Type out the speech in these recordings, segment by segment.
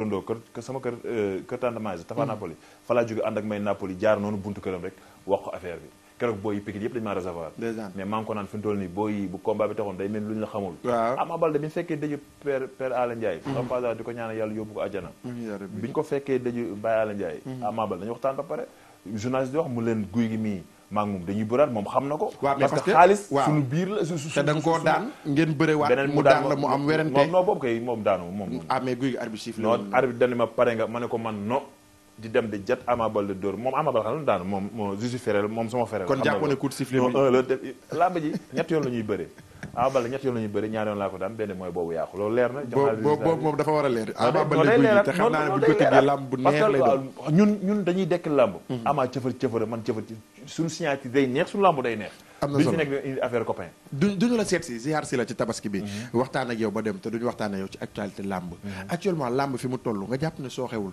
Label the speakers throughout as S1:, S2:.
S1: dondoo kër sama kër euh, kër tendemage Tafa mm. Napoli fa laa jóge ànd ak may Napoli jaar noonu buntu këram rek wax ko affaire bi keroog booy yi Pikine yëpp dañu maa recevoir mais maa naan fi nii booy yi bu combat bi taxoon day lu ñu la xamul Ama Baldé bi ñu fekkee dëju père père Alé Ndiaye en mm. di ko ñaanal yàlla yóbbu ko àjjana mm, bi ñu ko fekkee dëju Baye Alé Ndiaye Ama Baldé dañu waxtaan ba pare journaliste di wax mu leen guy gi mii maa ngi moom dañuy bëraat moom xam na ko. waaw mais parce que xaalis suñu
S2: biir la suñu suñu. te da nga koo daan ngeen bërewaat. beneen mu daan la mu am werante moom
S1: non boobu kay moom daanu moom. ah mais guy gi arbitre sifflé non arbitre dañ ma pare nga ma ne ko man non di dem di jet Ama Baldé dóor moom Ama Baldé xam daan moom moo jusi ferel moom sama ferel kon jàpp ne coup de sifflet bi la def làmb ji ñett yoon la na boobu moom dafa
S2: a leer ah, Ama Baldé
S1: guy gi mm-hmm. man cëfar suñu signature day neex suñu làmb day neex am na
S2: si ziar bi mm-hmm. waxtaan ak yow ba dem te duñu waxtaan ak yow ci actualité làmb mm-hmm. actuellement làmb fi mu toll nga jàpp ne sooxewul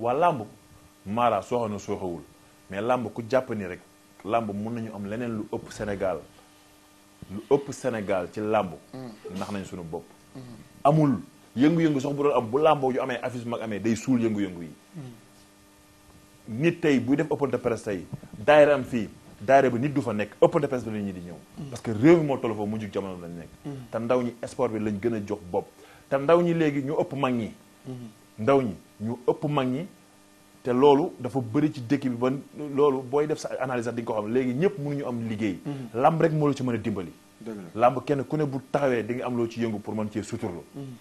S2: waa làmb maara sooxanu sooxawul mais
S1: làmb ku jàpp ni rek làmb mun nañu am leneen lu ëpp Sénégal lu ëpp Sénégal ci làmb
S3: mm-hmm. ndax nañ sunu bopp mm-hmm.
S1: amul yëngu-yëngu sax bu doon am bu làmboo yu amee affiche mag amee day suul yëngu-yëngu yi mm-hmm. nit tey buy def open presse tey daayira am fii daayira bi nit du fa nekk open presse bi ñi di ñëw parce que réew mi moo toll foofu mujj jamono lañ nekk te ndaw ñi sport bi lañ gën a jox bopp te ndaw ñi léegi ñu ëpp mag ñi ndaw ñi ñu ëpp mag ñi te loolu dafa bëri ci dëkk bi ba loolu booy def sa analyse sax di nga ko xam léegi ñëpp mënuñu am liggéey. Mhm. lamb rek moo la ci mën a dimbali. làmb kenn ku ne bu taxawee di nga am loo ci yëngu pour mën ci suturlu. Mhm.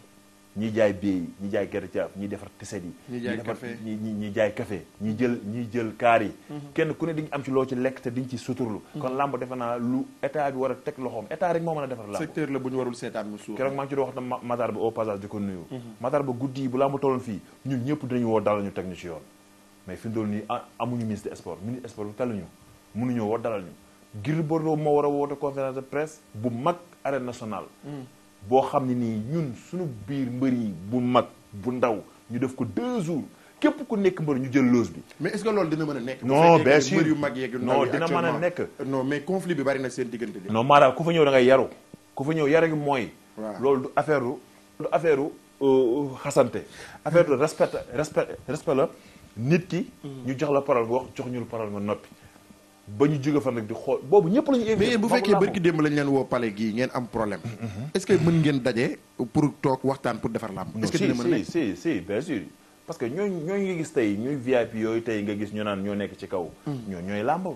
S1: ñi jaay biey ñi jaay gerte caaf ñi defar tiset yi ñi defar ñi jël kaar yi mhm. kenn ku ne di nga am ci loo ci lekk te di nga ci suturlu mhm. kon làmb defe naa lu état bi war a teg loxoom état rek moo mën a defar làmb secteur la bu ñu warul seetaan mu suuf keroog maa ngi ci doon wax mhm. guddi yi bu làmb tolloon fii ñun ñëpp dinañu woo dalal ñu teg ñu ci yoon mais fi nii ah, amuñu ministre sport ministre sport bi taluñu mënuñoo woo dalal ñu Gris Bordeaux moo war a woote conférence de presse boo xam ne nii ñun suñu biir mbër bu mag bu ndaw ñu def ko deux jours képp ku nekk mbër ñu jël loose bi.
S2: mais est-ce loolu dina mën a nekk. no bien sûr yu mag yeeg yu dina mën a nekk. non mais conflit bi bari na seen diggante bi.
S1: non maanaam ku fa ñëw da ngay yaru ku fa ñëw yaru gi mooy. waaw loolu du affaire du affaire euh, xasante affaire du respet respect respect la nit ki. Mm. ñu jox la parole nga wax jox ñu la parole nga
S2: noppi. ba ñu jóge fan rek di xool boobu ñëpp la ñu bu fekkee barki démb lañ leen woo pale gii ngeen am problème mhm. est-ce que mën ngeen daje pour toog waxtaan defar est
S1: bien sûr parce que ñooñu ñooñu nga gis tey ñuy VIP yooyu tey nga gis ñu naan ñoo nekk ci kaw mm. ñoo ñooy làmb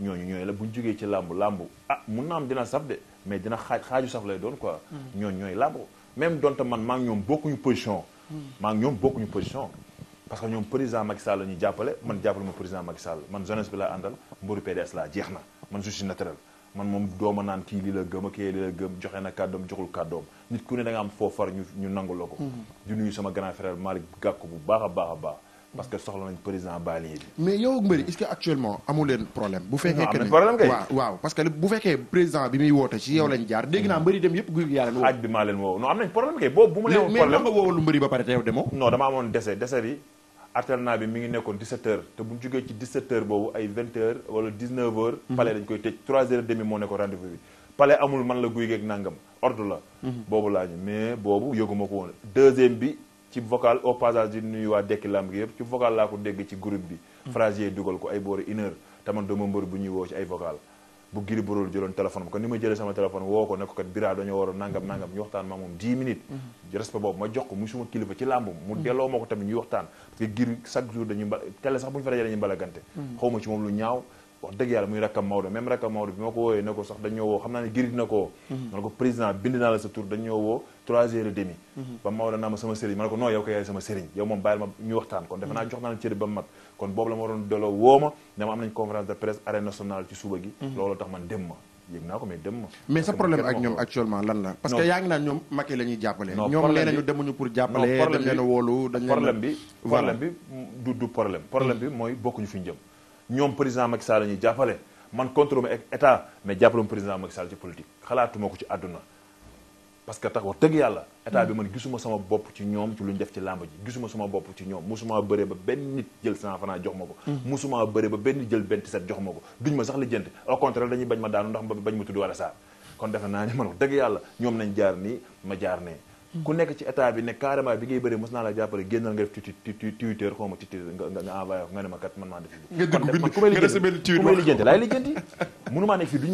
S1: ñooñu ñooy la bu ñu jógee ci làmb làmb ah mun na am dina saf de mais dina xaaj xaaju saf lay doon quoi mm. ñooñu ñooy làmb même donte man maa ngi ñoom bokkuñu position mm. maa ñoom bokkuñu position parce que ñoom président Macky Sall la ñuy jàppale man jàppale ma président Macky Sall man jeunesse bi laa àndal mboru PDS laa jeex na man je suis naturel man moom dooma naan kii li la gëm ak kii li la gëm joxe na kàddoom joxul kàddoom nit ku ne da nga am foo far ñu ñu mhm. bu baax a baax a baax parce que soxla nañ président Bali bi
S2: mais yow ak Mbëri est-ce que actuellement amu leen problème bu fekkee que problème kay waaw parce que bu fekkee président bi muy woote ci yow mhm. lañ jaar dégg naa Mbëri dem yëpp guy yaa leen am nañ problème kay boobu ma
S1: leen woo alternat bi mi ngi nekkoon 17 heures te bu ñu jógee ci 17 heures boobu ay 20 heures wala 19 heures. Mhm. palais dañ koy tëj 3 heures moo nekkoon rendez-vous bi. palais amul man la guy geeg nangam ordre la. Mhm. boobu laa ñu mais boobu yëguma ko woon. deuxième bi ci vocal au passage di nuyu waa dekki làmb gi yëpp ci vocal laa ko dégg ci groupe bi. Mhm. Frazier dugal ko ay boori une te man dama mbër bu ñuy woo ci ay vocal. bu Gris Bordeaux jëloon téléphone ko ni ma jëlee sama téléphone woo ko ne ko kat war a nangam nangam ñu waxtaan ma moom 10 minutes mhm. respect boobu ma jox ko mu suma kilifa ci làmb mu mhm. delloo ma ko tamit ñuy waxtaan parce que Gris chaque jour dañuy mba télé sax mhm. ci moom lu ñaaw wax dëgg yàlla muy rakkam Maodo même rakkam Maodo bi ma ko wooyee ne sax dañoo woo xam naa ne Gris dina ko woo ko président bind naa la sa tur dañoo woo trois heures et demi mhm. ba Maodo naa ma sama sëriñ ma ne ko non yow ko yaay sama sëriñ yow moom bàyyil ma ñu waxtaan kon defe naa jox naa la cër ba mu kon boobu la ma waroon woo ma ne ma am nañ conférence de presse arène nationale ci suba gi mhm. loolu tax man dem ma yëg naa ko mais dem ma mais sa problème ak ñoom
S2: actuellement lan la parce que yaa ngi naan ñoom Macky la ñuy jàppale ñoom a wóolu dañ leen problème bi problème bi du du problème problème bi mooy bokkuñu fi ñu jëm ñoom
S1: président Macky Sall la ñuy jàppale man contrôle ma état mais jàppale mu président Macky Sall ci politique xalaatuma ko àdduna parce que tax wax dëgg yàlla mm. état bi man gisuma sama bopp ci ñoom ci lu ñu def ci làmb ji gisuma sama bopp ci ñoom musuma bëre ba benn nit jël cent franc jox ma ko mm. musuma bëre ba benn jël benn set jox ma ko duñ ma sax lijjanti au contraire dañuy bañ ma daanu ndax bañ ma tudd wala saar kon defe naa ni man wax dëgg yàlla ñoom nañ jaar nii ma jaar nee ku nekk ci état bi ne carrément bi ngay bëri mos naa la jàppale génnal nga def ci ci Twitter xaw ma ci nga nga envoyé nga ne ma kat man maa def nga ne fii duñu ma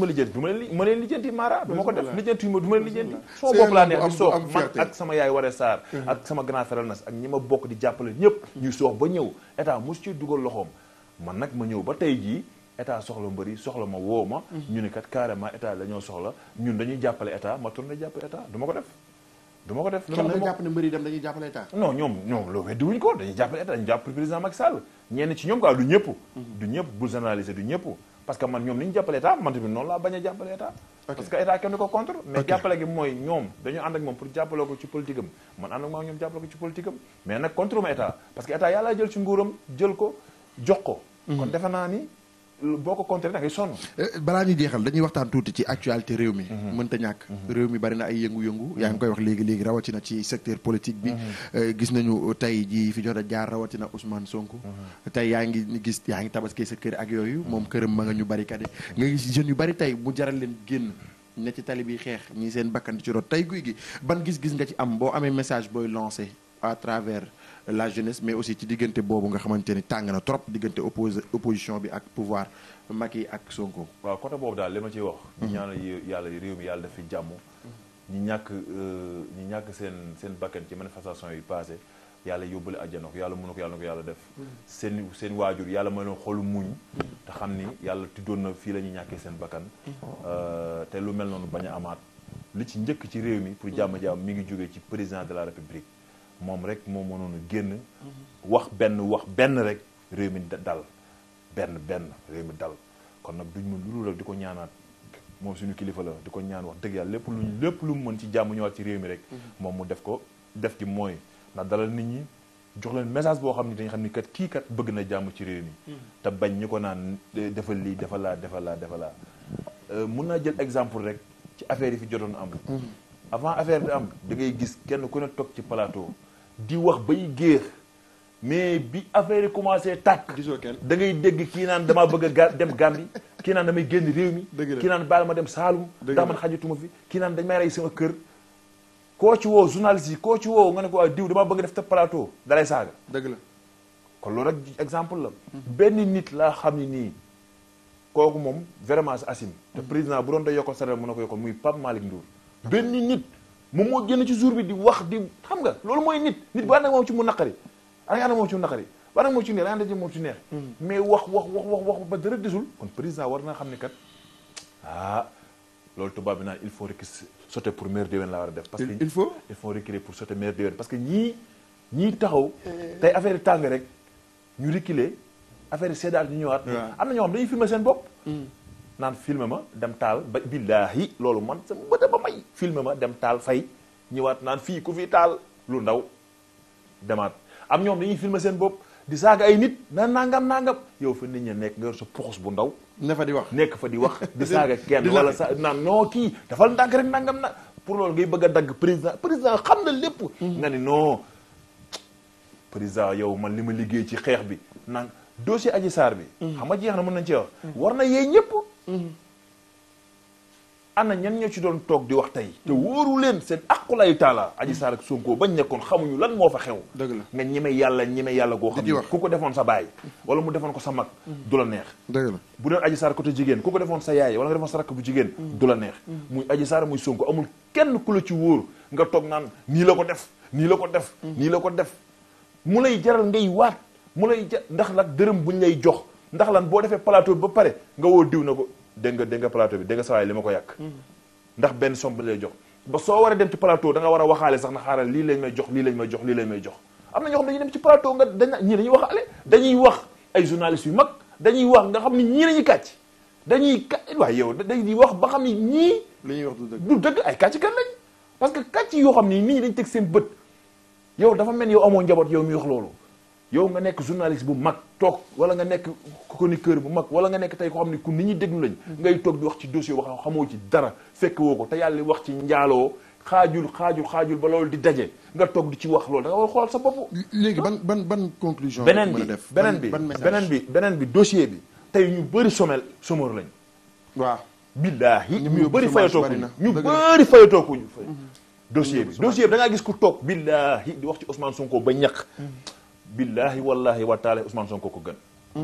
S1: lijjanti du ma leen lijjanti maara du ma ko def lijjanti yu ma du ma leen lijjanti soo bopp laa neex di soox man ak sama yaay waree saar mm-hmm. ak sama grand frère nas ak ñi ma bokk di jàppale ñëpp ñuy soox ba ñëw état mos ci dugal loxoom man nag ma ñëw ba tey jii état soxla mbëri soxla ma woo ma mm-hmm. ñu ne kat carrément état dañoo soxla ñun dañuy jàppale état ma tourné jàppale état du ma ko def du ma ko def. loolu nga jàpp
S2: ne mbëri dem ñoom ñoom
S1: loolu weddi wuñ ko dañuy jàppale état dañuy jàppale président Macky Sall ñenn ci ñoom quoi du ñëpp. Mhm. du ñëpp bul généraliser du ñëpp. parce que man ñoom ni jàppale état man tamit noonu laa bañ a jàppale état. parce que état kenn ko contre. mais jàppale gi mooy ñoom dañu ànd ak moom pour jàppale ko ci politique am man ànd ak moom ñoom jàppale ko ci politique am mais contre ma état parce que état yàlla jël ci nguuram jël ko jox ko. Mhm. kon defe naa ni boo ko contrer a ngay sonn.
S2: Eh, balaa ñu jeexal dañuy waxtaan tuuti ci actualité réew mi. Mhm. mënta ñàkk mhm. réew mi bari na ay yëngu-yëngu. yaa ngi mhm. koy wax léegi léegi rawatina ci secteur politique bi. Eh, gis nañu tey jii fi jot a jaar rawatina Ousmane sonk tey yaa ngi gis yaa ngi tabaskee sa kër ak yooyu moom këram ma nga ñu bari kade nga gis jeunes yu bari tey mu jaral leen génn. ne ci tali bi xeex ñi seen bakkan ci rot tey guy gi ban gis-gis nga ci am boo amee message booy lancé à travers. la jeunesse mais aussi ci diggante boobu nga xamante ni tàng na trop diggante oppos opposition bi ak pouvoir yi ak Sonko.
S1: waaw côté boobu daal li ma ciy wax. ñu mhm. ñaanal yàlla réew mi yàlla def fi ñi ñàkk euh, ñi ñàkk seen seen bakkan ci manifestation yi passé yàlla yóbbale àjjana ko yàlla mënu ko yàlla na ko yàlla def mhm. seen seen waajur yàlla may leen xolu muñ mhm. te xam ni yàlla tuddoon na fii la ñuy ñàkkee seen bakkan euh, te lu mel noonu bañ amaat lu ci njëkk ci réew mi pour jàmm-jàmm mi ngi jógee ci président de la république moom rek moom mënoon a génn wax benn wax benn rek réew mi dal benn benn réew mi dal kon nag duñ mën loolu rek di ko ñaanaat moom suñu kilifa la di ko ñaan wax dëgg yàlla lépp luñ lépp lu mu mën ci jàmm ñëwaat ci réew mi rek mm-hmm. moom mu def ko def ci mooy ndax dalal nit ñi jox leen message boo xam ne dañ xam ni kat kii kat bëgg na jàmm ci réew mi mm-hmm. te bañ ñu ko naan eh, defal lii defal laa defal laa defal laa euh, mun naa jël exemple rek ci affaire yi fi jotoon am mm-hmm. avant affaire bi am da ngay gis kenn ku toog ci plateau di wax bay géer mais bi affaire yi commencé tàkk da ngay dégg kii naan damaa bëgg ga dem Gambie kii naan damay génn réew mi kii naan baal ma dem Saalum ndax man xajatuma fi kii naan dañ may rey sama kër koo ci woo journaliste yi koo ci woo nga ne ko waaw ah, diw damaa bëgg def ta plateau dalay saaga dëgg la kon loolu rek exemple la hmm. benn nit laa xam ne nii kooku moom vraiment sa asim te hmm. président bu doon da yokkal salaire mën na ko yokkal muy Pape Malick Ndour moom moo génn ci jour bi di wax di xam nga loolu mooy nit nit bu ànd ak moom ci mu naqari ay ànd moom ci mu naqari bu ànd ci neex hmm. mais wax wax wax wax wax ba dara desul kon président war naa xam ne kat ah, loolu tubaab bi naan il faut rek sauter pour meilleur déwén la war a def parce que il faut il faut reculer pour sauter meilleur déwén parce que ñii ñii taxaw tey affaire tàng rek ñu reculer affaire yi seddaat ñu ñëwaat am na ñoo xam dañuy filmer seen bopp hmm. naan filmé ma dem taal ba billaahi loolu man sa mbëta ba may filmé ma dem taal fay ñëwaat naan fii ku fi taal lu ndaw demaat am ñoom dañuy filmé seen bopp di saaga ay nit na nangam nangam yow fa nit ña nekk nga yor sa poxus bu ndaw. ne fa di wax nekk fa di wax di saaga kenn wala sa naan noo kii dafal ndànk rek nangam na pour loolu ngay bëgg a dagg président président xam na lépp. Mm-hmm. nga ni noo président yow man li ma liggéey ci xeex bi naan dossier Adji Mm-hmm. ana ñan ñoo ci doon toog di wax tey. te wóoru leen seen aqulayu taala. Adji Sarr ak Sonko bañ nekkoon xamuñu lan moo fa xew. dëgg la nga ñeme yàlla ñeme yàlla goo xam ne ku ko defoon sa baay. wala mu defoon ko sa mag. du la neex. dëgg bu doon Adji Sarr côté jigéen ku ko defoon sa yaay wala nga defoon bu jigéen. du la neex. Mm-hmm. muy Adji Sarr muy Sonko amul kenn ku la ci wóor nga toog naan nii la ko def nii la ko def. Mm-hmm. nii la ko def mu lay jaral ngay waat mu lay ja ndax nag dërëm buñ lay jox. ndax lan boo defee plateau ba pare nga woo diw na ko dégg nga dégg nga plateau bi dégg nga sawaay li ma ko yàq mm-hmm. ndax benn somme bi lay jox ba soo war a dem ci plateau da war a waxaale sax na xaaral lii lañ may jox lii lañ may jox lii lañ may jox am na ñoo xam dañuy dem ci plateau nga dañ ñii dañuy dañuy wax ay journalistes yu mag dañuy wax nga xam ne ñii lañuy kàcc dañuy kàcc waaye yow dañuy wax ba xam ne ñii li ñuy wax du dëgg du ay kàcc kan lañ parce que kàcc yoo xam ne nit ñi dañ teg seen bët yow dafa mel yow amoo njaboot yow mi wax loolu yow nga nekk journaliste bu mag toog wala nga nekk chroniqueur bu mag wala nga nekk tey ko xam ne ku nit ñi déglu lañ mm-hmm. ngay toog di wax ci dossier boo xam xamoo ci dara fekk woo ko te yàlla wax ci njaaloo xaajul xaajul xaajul ba loolu di daje nga toog di ci wax loolu da xool sa bopp léegi ban ban ban conclusion beneen bi beneen bi beneen bi beneen bi dossier bi tey ñu bëri somel somor lañ waaw billaahi ñu bëri fayatookuñu ñu bëri fayatookuñu mm-hmm. dossier bi dossier bi da ngaa gis ku toog billaahi di wax ci Ousmane Sonko ba ñaq mm-hmm. billaahi wallaahi wa taala Ousmane Sonko ko gën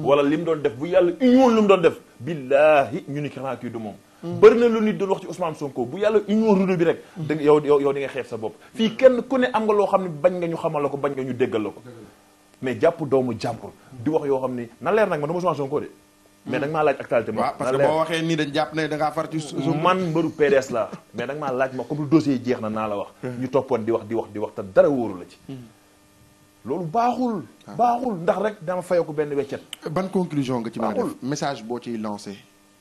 S1: wala li doon def bu yàlla union lu doon def billaahi ñu ni xanaa kii du moom bëri na lu nit doon wax ci Ousmane Sonko bu yàlla union rudo bi rek da yow yow di nga xeeb sa bopp fii kenn ku ne am nga loo xam ne bañ nga ñu xamal la ko bañ nga ñu déggal la ko mais jàpp doomu jàmbur di wax yoo xam ni na leer nag man du ma Ousmane Sonko de mais da laaj actualité ma parce que boo waxee nii dañ jàpp na la wax ñu toppoon di wax di wax di la loolu baaxul. Ah. baaxul ndax rek dama ko benn weccet. ban conclusion nga ci mën a def message boo ciy lancé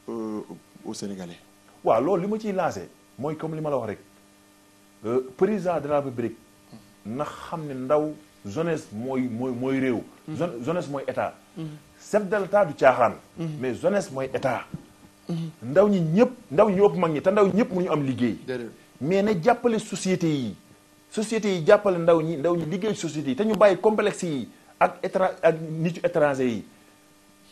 S1: euh, au Sénégalais. waaw loolu li ma ciy lancé mooy comme li ma la wax rek euh, président de la République na xam ne ndaw jeunesse mooy mooy mooy réew. Mm-hmm. jeunesse mooy état. Mm-hmm. chef de l'état du caaxaan. Mm-hmm. mais jeunesse mooy état. ndaw ñi ñëpp ndaw ñi ñëpp mag ñi te ndaw ñëpp ñu am liggéey. mais na jàppale société yi. société yi jàppale ndaw ñi ndaw ñi liggéey société yi te ñu bàyyi complexe yi ak étra ak nitu étranger yi.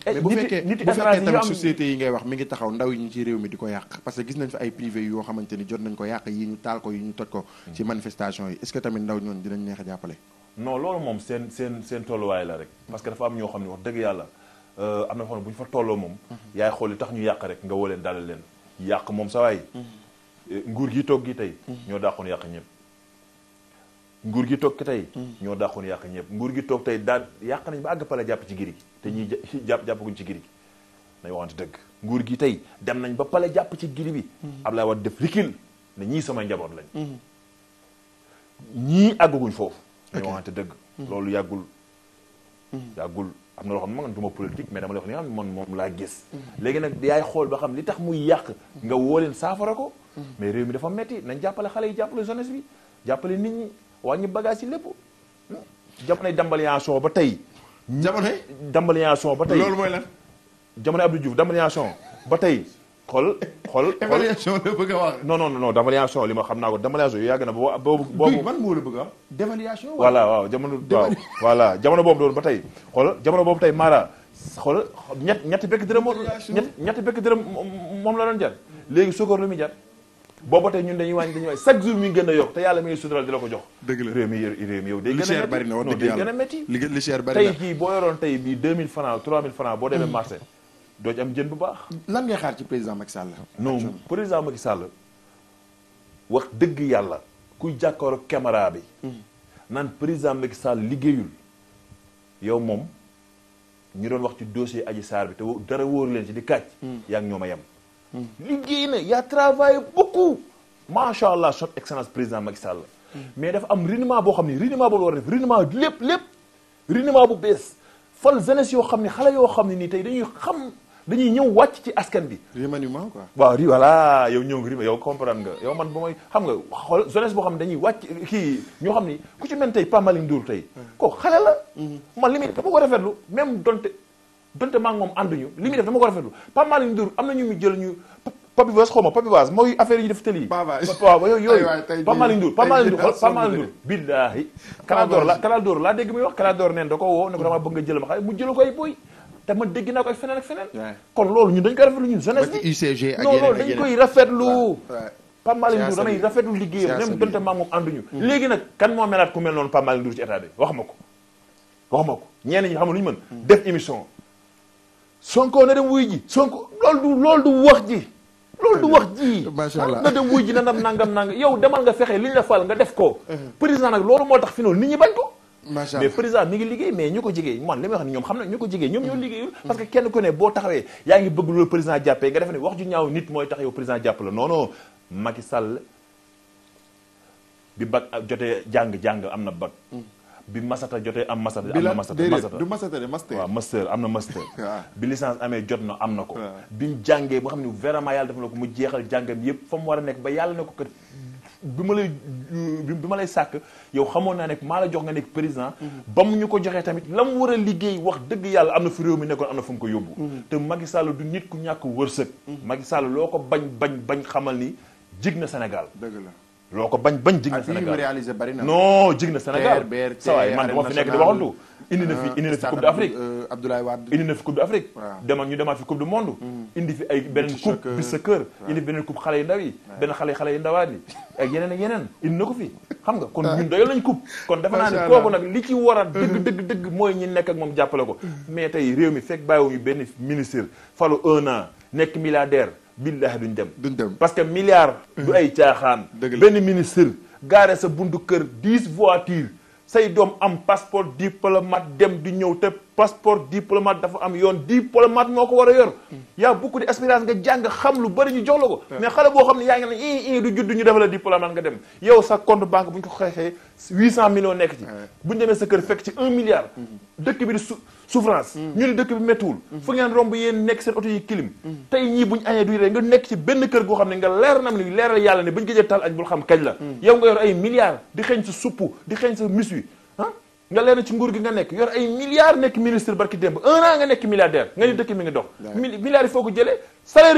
S1: Eh, mais bu fekkee bu fekkee tamit
S2: wax mi ngi taxaw ndaw yi ci réew mi di ko yàq parce que gis nañ fi ay privé yoo xamante ni jot nañ ko yàq yi ñu taal ko yi ñu toj ko ci hmm. manifestation yi est-ce que tamit ndaw ñoon dinañ neex jàppale
S1: non loolu moom seen seen seen tolluwaay la rek parce que dafa am ñoo xam ne wax dëgg yàlla euh, am na xam ne bu ñu fa tolloo moom hmm. yaay xool yi tax ñu yàq rek nga woo leen dalal leen yàq moom sa waay hmm. eh, nguur gi toog gi tey ñoo daaxoon yàq ñëpp nguur gi toog tey ñoo dàqoon yàq ñëpp nguur gi toog tey daan yàq nañ ba àgg pale jàpp ci giri gi te ñuy jàpp jàppaguñ ci giri gi nañ waxante dëgg nguur gi tey dem nañ ba pale jàpp ci giri bi mm-hmm. Abdoulaye Wade def rikil ne ñii samay njaboot lañ mm-hmm. ñii àggaguñ foofu nañ waxante dëgg mm-hmm. loolu yàggul yàggul am na loo xam ne man du ma politique mais dama lay wax li nga xam ne man moom laa gis léegi nag yaay xool ba xam li tax muy yàq nga woo leen saafara ko mais réew mi dafa metti nañ jàppale xale yi jàppale jeunesse bi jàppale wàññi bagage yi lépp. jamonoy dambaliyaason ba tey. jamonoy. dambaliyaason ba tey loolu mooy lan. jamonoy Abdou Diouf dambaliyaason ba tey. xol xol dévaluation la bëgg a wax. no non non dévaluation li ma xam naa ko dévaluation yooyu yàgg na boobu boobu. boobu man moo la bëgg
S2: a wax waaw
S1: jamono waaw voilà jamono boobu doon ba tey xool jamono boobu tey Mara xool ñett ñetti bekk dërëm moo ñett ñetti bekk dërëm moom la doon jar léegi Sokor lu muy jar. booba tey ñun dañuy wàññi chaque jour mi gën a yokk te yàlla mi ngi sutural di la ko jox dëgg la réew mi réew mi yow day gën a métti li cher bari na tey kii boo yoroon tey bi 2000 francs 3000 francs boo demee marché doo ci am jën bu baax lan ngay xaar ci président Macky Sall non président Macky Sall wax dëgg yàlla kuy jàkkaaroo caméra bi hmm. naan président Macky Sall liggéeyul yow moom ñu doon wax ci dossier Adji Sarr bi te dara wóor leen ci di kàcc hmm. yaa ngi ñoom ma yem liggéey na yaa travaillé beaucoup macha allah son excellence président Macky Sall mais dafa am reniement boo xam ne reniement boo war a def reniement lépp lépp reniement bu bees fal jeunesse yoo xam ne xale yoo xam ne nii tey dañuy xam dañuy ñëw wàcc ci askan bi. remaniement quoi. waaw ri voilà yow ñëw rima yow comprendre nga yow man ba mooy xam nga xool jeunesse boo xam ne dañuy wàcc kii ñoo xam ni ku ci mel tey Pamaline Ndour tey. kooku xale la. Mm-hmm. man li muy dafa ko rafetlu même donte. donte maa moom ànduñu li muy def dama ko rafetlu Pape Malick Ndour am na ñu mu jël ñu Papi Vaz xaw ma Papi mooy affaire ñu def tëli yi waaw yooyu yooyu Pape Malick Ndour Pape Malick billaahi Kalador la laa dégg muy wax Kalador neen da ko woo ne ko dama bëgg nga jël ma xale mu jël ko ay boy te man dégg naa ko ay feneen ak feneen kon loolu ñun dañ koy rafetlu ñun jeunesse bi UCG non loolu dañ koy rafetlu Pape Malick Ndour damay rafetlu liggéeyam même donte maa moom ànduñu mm. léegi nag kan moo melaat ku mel noonu Pape Malick Ndour ci wax ma ko wax ma ko ñeneen ñi xam lu ñu mën mm. émission Sonko na dem wuy ji Sonko loolu du loolu du wax ji. loolu du wax ji macha allah na dem wuy ji na nam nangam nangam yow demal nga fexe li ñu la fal nga def ko. président nag loolu moo tax fi noonu nit ñi bañ ko. macha allah mais président mi ngi liggéey mais ñu ko jigéey man li may wax ni ñoom xam na ñu ko jigéey ñoom ñoo liggéeyul parce que kenn ku ne boo taxawee yaa ngi bëgg loolu président jàppee nga def ne wax ju ñaaw nit mooy tax yow président jàpp la non non Macky Sall jotee jàng jàng am na bag bi masata jotee am masata am na masata masata du masata de master waaw master am na master ah. bi licence amee jot na am na ko ah. bi mu jàngee boo xam ne vraiment yàlla def na ko mu jeexal jàngam yëpp fa mu war a nekk ba yàlla na ko kat bi ma lay bi ma lay sàkk yow xamoon naa ne maa la jox nga nekk président mm-hmm. ba mu ñu ko joxee tamit la mu war a liggéey wax dëgg yàlla am na fi réew mi nekkoon am na fu mu ko yóbbu mm-hmm. te Macky Sall du nit ku ñàkk wërsëg mm-hmm. Macky Sall loo ko bañ bañ bañ xamal ni jig na Sénégal dëgg la loo ko bañ bañ jig na ah, Sénégal réalisé bari na non jig na Sénégal sa waay man dama fi nekk di waxantu indi na fi indi na fi euh, coupe d'Afrique
S2: euh, Abdoulaye Wade
S1: indi na fi ñu demaat fi coupe du monde mm. indi fi ay beneen coupe bi sa kër indi fi beneen coupe xale yu ndaw yi benn xale xale yu ndawaat yi ak yeneen ak yeneen indi na ko fi xam nga kon ah. ñun doyal lañ coupe kon dafa naa ne kooku nag li ci war a mm. dëgg dëgg mooy ñi nekk ak moom jàppale ko mm. mais tey réew mi fekk bàyyiwuñu benn ministre falu un an nekk milliardaire billahi duñ dem duñ dem parce que milliard du ay caaxaan benn ministre gaare sa buntu kër dix voitures say doom am passeport diplomate dem di ñëw te passeport diplomate dafa am yoon diplomate moo ko war a yor yaa beaucoup de expérience nga jàng xam lu bëri ñu jox la ko mais xale boo xam ne yaa ngi ne ii ii du judd ñu defal la diplomate nga dem yow sa compte banque bu ñu ko xeexee huit cent millions nekk ci bu ñu demee sa kër fekk ci un milliard mm-hmm. dëkk bi di souffrance mm-hmm. ñu ne dëkk bi méttiwul mm-hmm. fu ngeen romb yéen nekk seen oto yi clim tey ñii bu ñu añee duy rek nga nekk ci benn kër goo xam ne nga leer na am ni leeral yàlla ne bu ñu gëjee tal añ bul xam kañ la yow di xeeñ sa supp di xeeñ sa mis wi nga leen ci nguur gi nga nekk yor ay milliards nekk ministre barki démb un an nga nekk milliardaire nga ni dëkk mi ngi dox milliards yi foo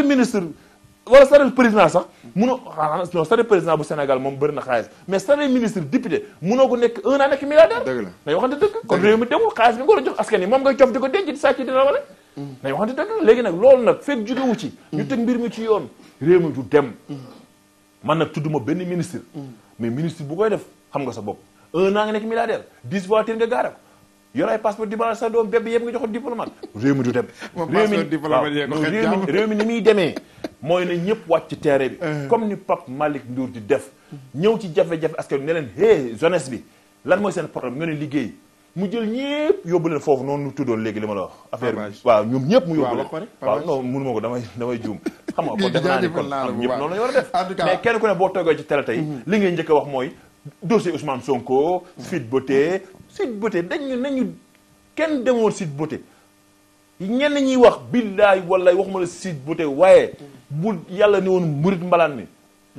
S1: ministre wala salaire président sax munoo ah, ah, non salaire président bu Sénégal moom bëri na xaalis mais salaire ministre député munoo ko nekk un an nekk milliardaire dëgg la nañ waxante dëgg kon réew mi demul xaalis bi a ko denc di sàcc di la wala mm. nañ waxante dëgg léegi nag loolu nag fekk jógewu ci mm. ñu teg mbir mi ci yoon réew mi du dem mm. man nag tudduma benn ministre mais ministre bu koy def xam nga sa bopp un an nga nekk milliardaire dix voitures nga gaare ko yor ay passeport diplomate sa doom bépp yëpp nga jox ko diplomate réew mi du dem réew mi ni muy demee mooy na ñëpp wàcc ci terrain bi eh. comme ni Pape Malick Ndour di def ñëw ci jafe-jafe askan ne leen hé jeunesse bi lan mooy seen problème nga ne liggéey mu jël ñëpp yóbbu leen foofu noonu tuddoon léegi li ma la wax affaire bi waaw ñoom ñëpp mu yóbbu leen waaw non mënu ko damay damay juum xam nga kon def naa ni mhm. li ngay njëkk a mooy dossier Ousmane Sonko. Sweet Beauté Sweet Beauté dañ nañu kenn demoon Sweet Beauté ñenn ñuy wax billaay wallaay waxuma
S2: la Sweet Beauté waaye bu yàlla ne woon murit mbalaan mi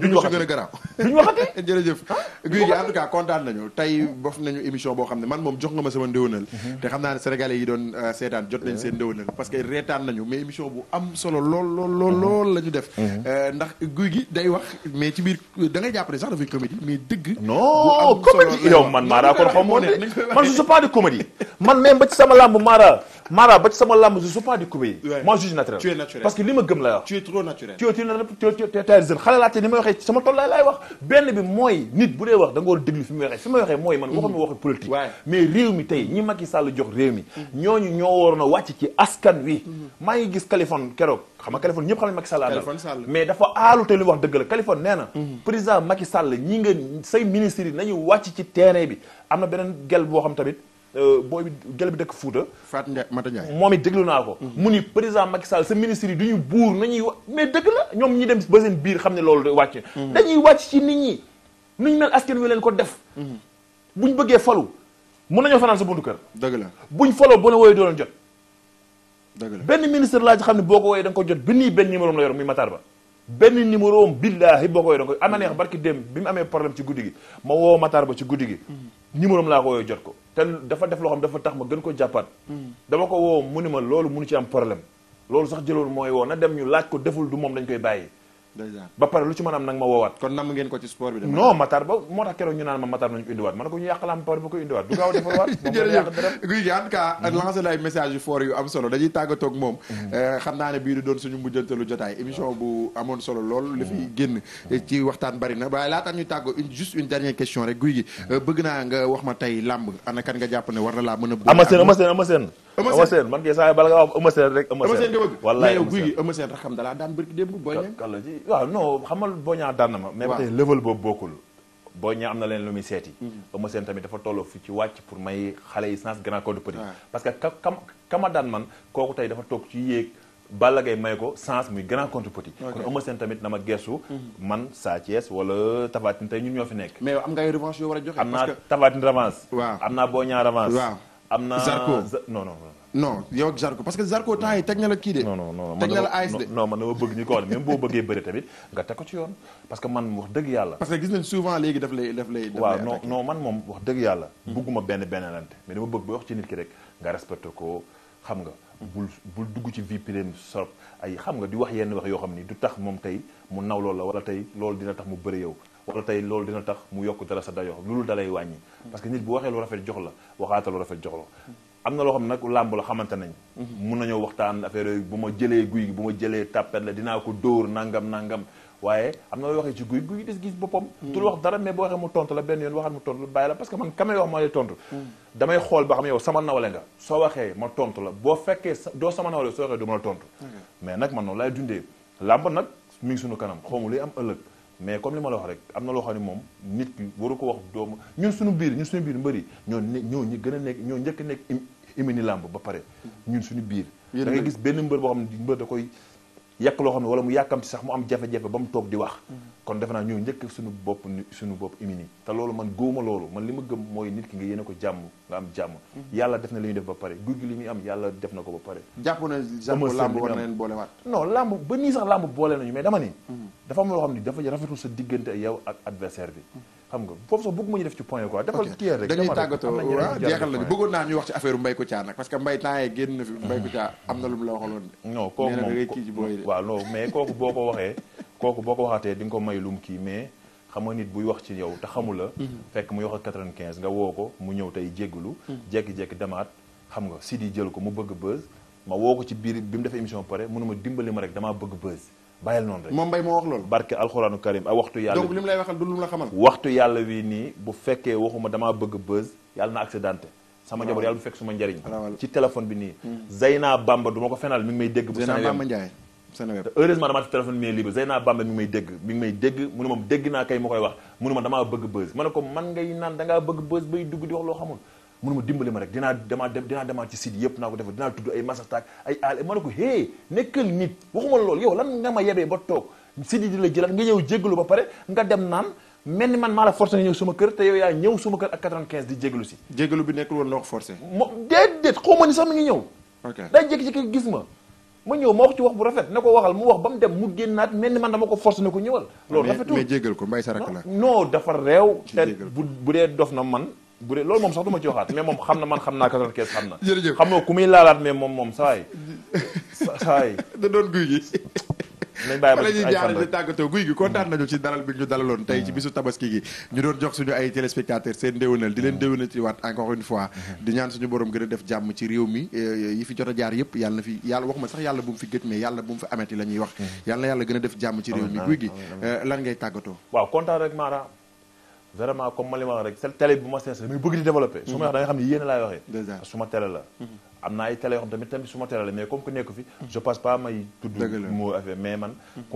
S2: duñ waxati a garaaw duñ waxati jërëjëf ah. guy gi en tout cas kontaan nañu tey bof nañu émission boo xam ne man moom jox nga ma sama ndéwénal mhm. te xam naa ne sénégalais yi doon euh, seetaan jot nañ seen ndéwénal parce que reetaan nañu mais émission bu am solo lool lool lool mhm. lool la ñu def mhm. euh, ndax guy gi day wax mais ci biir da ngay jàpp ne sax dafay comédie mais dëgg non comédie yow man maara kon xaw moo ne man je suis pas de comédie
S1: man même ba sama làmb maara Mara ba ci sama làmb je suis pas du coubé yi. moi je suis naturel. parce que li ma gëm la wax. tu es trop naturel. tu es tu es tu es jeune xale laa sama tollaay laay wax benn bi mooy nit bu dee wax da war a déglu fi may waxee fi may waxee mooy man. waxuñu mm. waxi politique. mais réew mi tey ñi Macky Sall jox réew mi. Mm. ñooñu ñoo waroon a wàcc ci askan wi. Mm. maa ngi gis Kaliphone keroog xam nga Kaliphone ñëpp xam nañu Macky Sall. Kaliphone Sall mais dafa aalu te li wax dëgg la na. président Macky ñi nga say ministres nañu wàcc ci terrain bi am na beneen gel boo xam tamit Euh, booy bi gel bi dëkk Fouta. Fatou Ndiaye Mata moom it déglu naa ko. Mm-hmm. mu ni président Macky Sall sa ministre yi du ñu buur nañuy wa mais dëgg la ñoom ñi dem ba seen biir xam ne loolu day wàcc. Mm-hmm. dañuy wàcc ci nit ñi nu ñu mel askan wi leen ko def. Mm-hmm. bu ñu bëggee falu mën nañoo fanaan sa buntu kër. dëgg la buñ faloo bu la wooyee doo jot. dëgg la benn ministre laa ci xam ne boo ko wooyee da ko jot bi nii benn numéro la yor muy Matar Ba. benn numéro am billaahi boo ko wooyee da nga ko bi mu amee problème ci guddi ma woo Matar ci guddi numéro am laa ko woowee jot ko te dafa def loo xam dafa tax ma gën ko jàppaat. Hmm. dama ko woo mu ni ma loolu munu ci am problème loolu sax jëloon mooy woo na dem ñu laaj ko deful du moom dañ koy bàyyi. ba pare lu ci mën am nag ma woowaat kon nam ngeen ko ci sport bi non
S2: Matar ba moo tax keroog ñu naan ma Matar nañ ko indiwaat ma a ko ñu yàq lamb pare ba ko indiwaat du gaaw defarwaat jërëjëf guy gi en mhm. message yu fort yu solo dañuy tàggatoog moom mhm. eh, xam naa ne bii du doon suñu mujjantalu jotaay émission bu amoon solo lool li fi mhm. génn ci waxtaan bari na waaye laata ñuy tàggoo une juste une dernière question rek guy gi eh, bëgg naa nga wax ma tey lamb ana kan nga jàpp ne war na laa mën a ama seen ama seen ama seen Eumeu Sène man kay saa bala nga wax Eumeu Sène rek Eumeu dalaa daan bërki démb Boy Niang
S1: waaw non xamal Boy daan na ma mais ba tey level boobu bokkul Boy Niang am na leen lu muy seet mm. Eumeu Sène tamit dafa tolloo fi ci wàcc pour may xale yi sens grand corps de parce que ka kam kama daan man kooku tey dafa toog ci yéeg bala Gaye may ko sens muy grand contre petit. kon Eumeu tamit na ma geesu. Mm-hmm. man saa Thiès wala Tapha Tine tey ñun ñoo fi nekk.
S2: mais am nga ay revanche yoo war a joxe.
S1: parce que am naa Tapha Tine revanche. am na Zarko no non.
S2: non yow ak Zarko parce que Zarko temps yi teg la kii de. non non non teg na la ASD
S1: non man dama bëgg ñu ko wax même boo bëggee bëri tamit nga teg ko ci yoon. parce que man wax dëgg yàlla. parce que gis nañ
S2: souvent léegi daf lay daf lay. waaw non
S1: non man moom wax dëgg yàlla. Hmm. bëgguma benn benn lante mais dama bëgg ba wax ci nit ki rek nga respecté ko xam nga. bul bul dugg ci vie privée sop ay xam nga di wax yenn wax yoo xam ni du tax moom tey mu naw loolu la wala tey loolu dina tax mu bëri yow. wala tey loolu dina tax mu yokk dara sa dayoo loolu dalay wàññi parce que nit bu waxee lu rafet jox la waxaata lu rafet jox la am na loo xam ne nag làmb la waxtaan affaire bu ma jëlee guy bu ma jëlee tàppet la dinaa ko dóor nangam nangam waaye am na loo guy guy des gis boppam tul wax dara mais boo waxee mu la benn yoon waxaat mu tontu xool ba xam yow sama nawle nga soo ma tontu la boo fekkee doo sama nawle soo waxee ma la mm-hmm. mais nag man noonu laay dundee làmb nag mi ngi sunu kanam xawma luy am ëllëg mais comme li ma la wax am na loo xam ne moom nit ki waru ko wax doomu ñun suñu biir ñun suñu biir mbëri ñoo ne ñoo ñi gën a nekk ñoo njëkk nekk imini làmb ba pare mm. ñun suñu biir da ngay gis benn mbër boo xam ne mbër da koy yàq loo xam ne wala mu yàkkamti sax mu am jafe-jafe ba mu toog di wax kon def naa ñoo njëkk suñu bopp suñu bopp imini te loolu man góoma loolu man li ma gëm mooy nit ki nga yéene ko jàmm nga am jàmm yàlla def na li ñu def ba pare guy li muy am yàlla def na ko ba pare jàpp na jàmm làmb war na leen boolewaat non làmb ba nii sax làmb boole nañu mais dama ni hmm. dafa am loo xam ne dafa rafetul sa diggante yow ak adversaire
S2: bi xam nga foofu sax bëgg ma ñu def ci point quoi defal teel rek dañuy tàggatoo waaw ah, jeexal nañu bëggoon naa ñu wax ci affaire Mbaye Kouthia nag parce que Mbaye temps yee génn ko
S1: waxee kooku boo ko waxatee di nga ko may lum kii mais xam nga nit buy wax ci yow te xamu la mhm. fekk muy wax ak 95 nga woo ko mu ñëw tey jégglu mhm. jekki-jekki demaat xam nga di jël ko mu bëgg buzz ma woo ko ci biir bi mu def émission pare mënu ma dimbali ma rek damaa bëgg buzz bàyyil noonu rek moom mbay moo wax loolu barke alxuraanu karim ak waxtu yàlla donc li
S2: mu lay waxal du lu mu la xamal waxtu
S1: yàlla wi nii bu fekkee waxuma damaa bëgg buzz yàlla na accidenté sama njaboot yàlla bu fekk suma njariñ ci téléphone bi nii hmm. Zeyna Bamba du ma ko fenal mi ngi may dégg bu Zeyna Bamba Ndiaye
S2: Seneweb heureusement
S1: damaa ci téléphone bi may libre Zeyna Bamba mi ngi may dégg mi ngi may dégg mu ne moom dégg naa kay ma koy wax mu ne ma damaa bëgg buzz ma ne ko man ngay naan dangaa bëgg buzz bay dugg di wax loo xamul mënu ma dimbali ma rek dinaa demaat dem dinaa demaat ci site yëpp naa ko defal dinaa tudd ay masatak ay aal ma ne ko hé nekkal nit waxuma loolu yow lan nga ma yebee ba toog site yi di la jëlaat nga ñëw jéggalu ba pare nga dem naan mel ni man maa la forcé nga ñëw suma kër te yow yaa ñëw suma kër ak 95 di jéggalu si jéggalu bi nekk woon loo ko forcé mo déedéet xaw sax mi ngi ñëw day jékki-jékki gis ma ma ñëw ma wax ci wax bu rafet na ko waxal mu wax ba mu dem mu génnaat mel ni man dama ko ko ñëwal loolu rafetul mais
S2: jéggal ko mbay sa rakk
S1: la non dafa réew te bu dee na man bu dee loolu moom sax du ma ci mais moom xam na man xam naa
S2: 95 xam na.
S1: jërëjëf xam nga ku muy laalaat mais moom moom saa yi. da doon guy gi. nañ bàyyi ba la ñuy
S2: tàggatoo guy gi kontaan nañu ci dalal bi ñu dalaloon tey ci hmm. bisu tabaski gi ñu doon jox suñu ay téléspectateurs seen ndéwénal di leen ndéwénati hmm. waat encore une fois hmm. di ñaan suñu borom gën a def jàmm ci réew mi eh, eh, yi fi jot a jaar yëpp yàlla na fi yàlla waxuma sax yàlla bu mu fi gëj mais yàlla bu mu fi amati la ñuy wax yàlla na yàlla gën a def jàmm ci réew mi guy gi eh,
S1: lan vraiment comme ma li ma wax rek seen télé bu ma sincère mais bëgg di développé su ma wax da nga xam ne yéen laay waxee su ma télé la am na ay télé yoo xam tamit tamit su ma la mais comme ku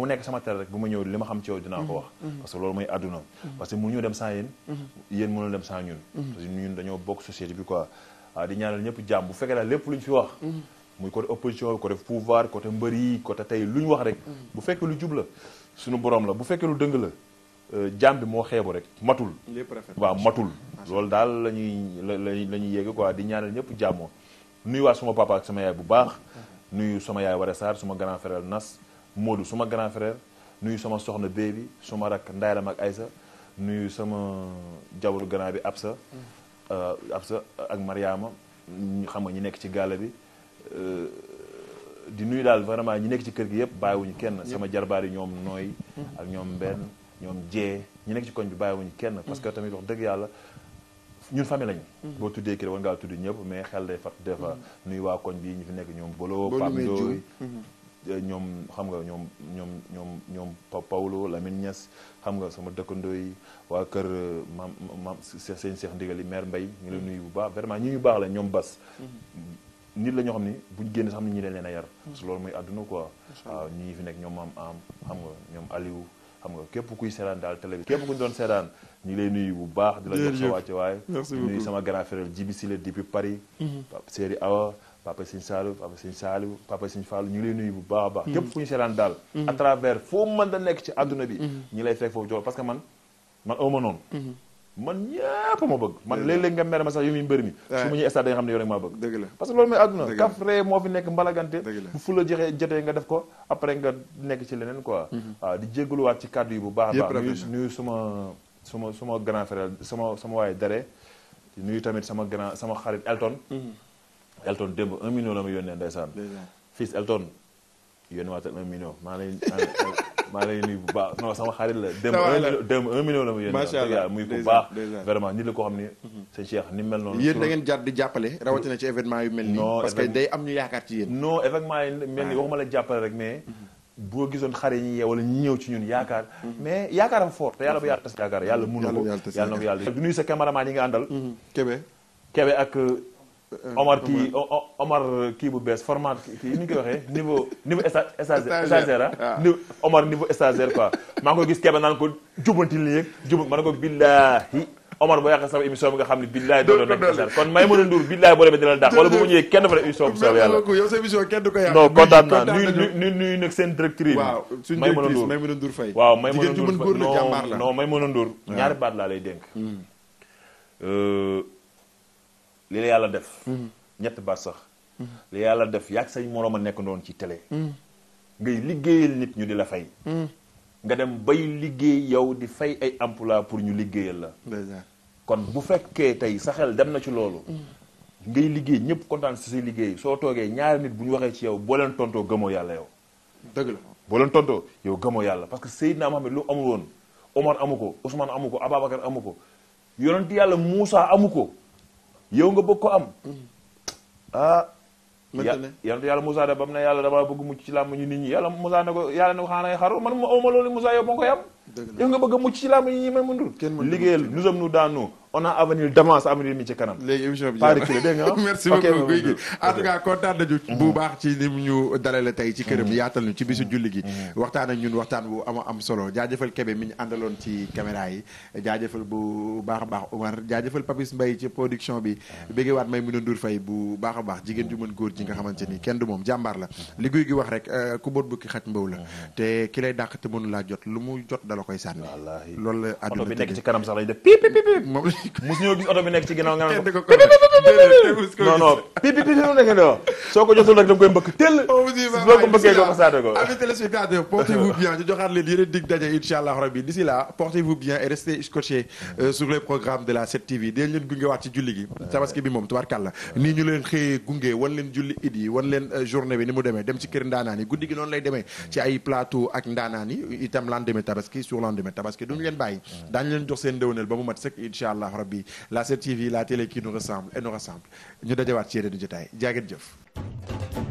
S1: nekk sama télé rek bu ma ñëw li ma xam ci dinaa ko wax mm-hmm. Mm-hmm. parce que loolu mooy àdduna parce que mënuñu dem sans yéen mm-hmm. yéen mënul dem sans ñun parce que ñun dañoo bokk société bi quoi ah, di ñaanal ñëpp jàmm bu fekkee daal lépp lu ñu fi wax muy côté opposition côté pouvoir tey lu ñu wax rek bu fekkee lu la suñu borom la bu fekkee lu dëng jaam bi moo xeebu rek matul waaw matul loolu daal la ñuy la ñuy yéege quoi di ñaanal ñëpp jàmmoo nuyu waa suma papa ak sama yaay bu baax nuyu sama yaay Wara Sarr suma grand frère Nas Modou suma grand frère nuyu sama soxna bi suma rakk Ndayram ak Aysa nuyu sama jabaru grand bi Absa euh, Absa ak Mariama xam nga ñi nekk ci gàlla bi euh, di nuyu daal vraiment ñi nekk ci kër gi yëpp bàyyiwuñu kenn sama jarbaar yi ñoom nooy ak ñoom mbenn ñoom jee ñu nekk ci koñ bi bàyyiwuñu kenn parce que mm-hmm. tamit wax dëgg yàlla ñun famille lañu mm-hmm. boo tuddee kii war ngaa tudd ñëpp mais xel day fat des mm-hmm. nuy waa koñ bi ñu fi nekk ñoom bolo pamdooy eh, ñoom xam nga ñoom ñoom ñoom ñoom Paulo Lamine Niass xam nga sama dëkkandoo waa kër eh, maam maam seen Seex Ndigal yi maire Mbaye ñu la nuyu bu baax vraiment ñi ñu baax la ñoom bas nit la ñoo xam ni buñ génn sax xam ne ñi leen leen a yar loolu mooy àdduna quoi waaw ñi fi nekk ñoom am xam nga ñoom Aliou xam nga képp kuy seetaan daal télé bi képp ku ñu doon seetaan ñu ngi lay bu baax di la jox sa wàcce waay di sama grand frère Djibi Sile depuis Paris mhm. Papa Seri Awa Papa Sine Saliou Papa Sine Saliou Papa Sine Fallou ñu ngi lay nuyu bu baax a baax mhm. képp ku ñu seetaan daal mhm. à travers foo mën da nekk ci àdduna bi ñu lay fekk foofu jox parce que man man awma noonu man ñëpp ma bëgg man léeg-léeg nga mere ma sax yow mi mbër mi su ma ñuy stade da nga xam ne yow rek maa bëgg dëgg la parce que loolu mooy àdduna kaf ree moo fi nekk mbalagante bu fu jotee nga def ko après nga nekk ci leneen quoi mm-hmm. waaw di jégaluwaat ci kàddu yi bu baax a baax nuyu suma suma suma grand frère sama sama waaye dare nuyu tamit sama grand sama xarit Elton mm-hmm. Elton démb un million la ma yónnee ndeysaan fils Elton yónni waatal un million maa lay maa lay nuyu bu baax non sama xarit la. dem un million la mu yéen. macha allah muy bu baax nit la ko xam ni. Mm-hmm. sëñ Cheikh ni mel noonu. yéen da
S2: jàppale rawatina ci événement yu mel nii. parce que day am ñu yaakaar ci yéen. non événement yi mel ni waxuma la jàppale rek mais.
S1: Mm-hmm. boo gisoon xare ñi yeew wala ñi ñëw ci ñun yaakaar mm-hmm. mais yaakaaram fort te yàlla bu yàlla tas yaakaar yàlla mënu na ko yàlla du nuyu sa cameraman yi nga àndal Kébé Kébé Euh, Omar kii Omar kii bu bees format kii ni ñu koy waxee niveau niveau stagiaire stagiaire ah. Omar niveau stagiaire quoi maa ngi koy gis kebe naan ko jubanti li yëg jubant ma ne ko billaahi Omar boo yàqee sama émission bi nga xam ne billaahi doo doon nekk stagiaire kon may mën a nduur billaahi boo demee dina la dàq wala bu ma ñëwee kenn dafa def émission bu soobee yàlla
S2: yow sa émission kenn du ko yàq non kontaan naa nuyu nuyu nuyu nag
S1: seen directrice waaw suñu directrice may mën a nduur fay waaw may mën a nduur non may mën a nduur ñaari baat laa lay dénk hmm. euh, li la yàlla def. Mhm. ñetti baat sax. Mhm. li yàlla def yaag sañ moroom a nekk noonu ci télé. Mhm. ngay liggéeyal nit ñu di la fay. nga dem bay liggéey yow di fay ay emploi pour ñu liggéeyal la. kon bu fekkee tey sa xel dem na ci loolu. ngay liggéey ñëpp kontaan si say liggéey soo toogee ñaari nit bu ñu waxee ci yow boo leen tontoo gëmoo yàlla yow. dëgg boo leen tontoo yow gëmoo yàlla parce que Seydina Mohamed lu amul woon Omar amu ko Ousmane amu ko Ababacar amu ko yonent yàlla amu ko. yow nga bëgg ko am ah yonent yàlla Moussa da ba mu ne yàlla damaa bëgg mucc ci làmmiñu nit ñi yàlla Moussa ko yàlla ne ko xanaa man ma awma loolu Moussa yow ma ngi am yow nga bëgg a mucc ci làmmiñu nit ñi man mëndul liggéeyal nous sommes nous dans on a avenir d'avance avenir mi ci kanam. léegi émission bi dégg nga merci beaucoup Guy
S2: gi bu mhm. baax ci ni ñu dalale tey ci këram mhm. yaatal ñu ci bisu julli gi mhm. waxtaan ak ñun waxtaan bu ama am solo jaajafal kebe mi ñu àndaloon ci caméra yi jaajafal bu baax a baax Omar jaajëfal Papis mbay ci production bi bégge waat may mën a ndur fay bu baax a baax jigéen ju mën góor ji nga xamante ni kenn du moom jàmbaar la li Guy gi wax rek euh, ku boot bukki xaj mbaw la te ki lay dàq te mënu jot lu mu jot dala koy sànni loolu la àdduna bi nekk ci kanam sax lay def pip mus ñoo gis oto bi nekk ci ginnaaw nga naan ko non
S1: non pi pi pi lu nekk do soo ko jotul rek da koy mbëkk tell oh, soo ko mbëkkee ko fasaate ko amis
S2: téléspectateurs portez-vous bien ñu joxaat leen yeneen dig daje incha allah rabbi d'ici là portez-vous bien et restez scotchés euh, sur les de la 7TV dinañ leen gunge waat ci julli gi tabaski bi moom tubaarkàlla nii ñu leen xëyee gunge wan leen julli it yi wan leen euh, journée bi ni mu demee dem ci kër ndaanaan yi guddi gi noonu lay demee ci ay plateau ak ndaanaan yi itam lendemain tabaski sur lendemain tabaski duñu leen bàyyi daañu leen jox seen ndéwénal ba mu mat sëkk incha allah rabbi la 7TV la télé qui nous ressemble et nous rassemble ñu dajawaat ci yeneen jotaay jaa ngeen jëf